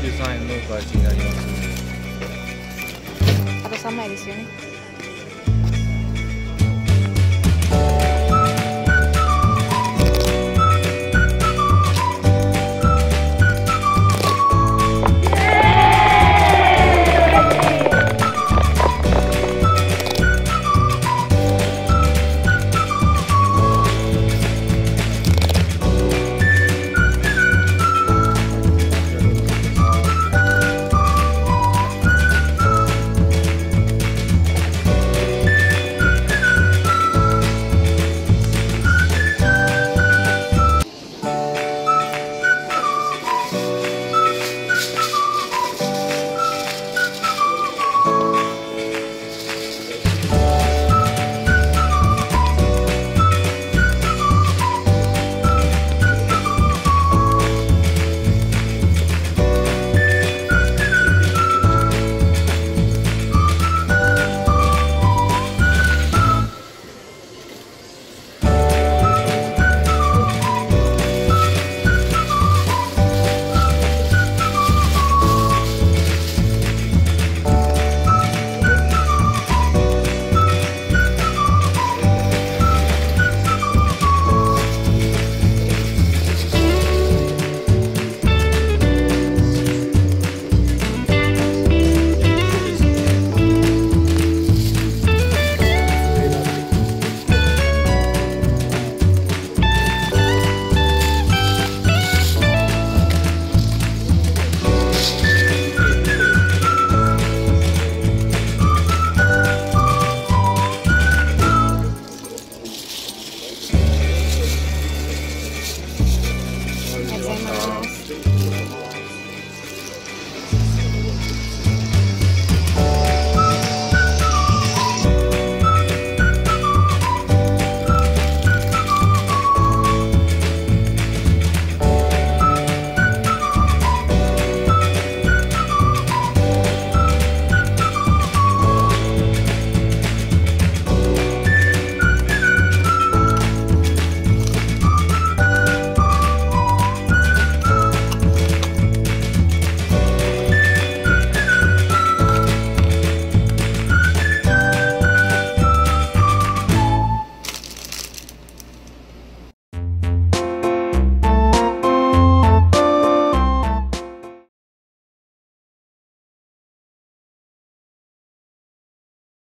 43円のプライになります。あと3枚ですよね。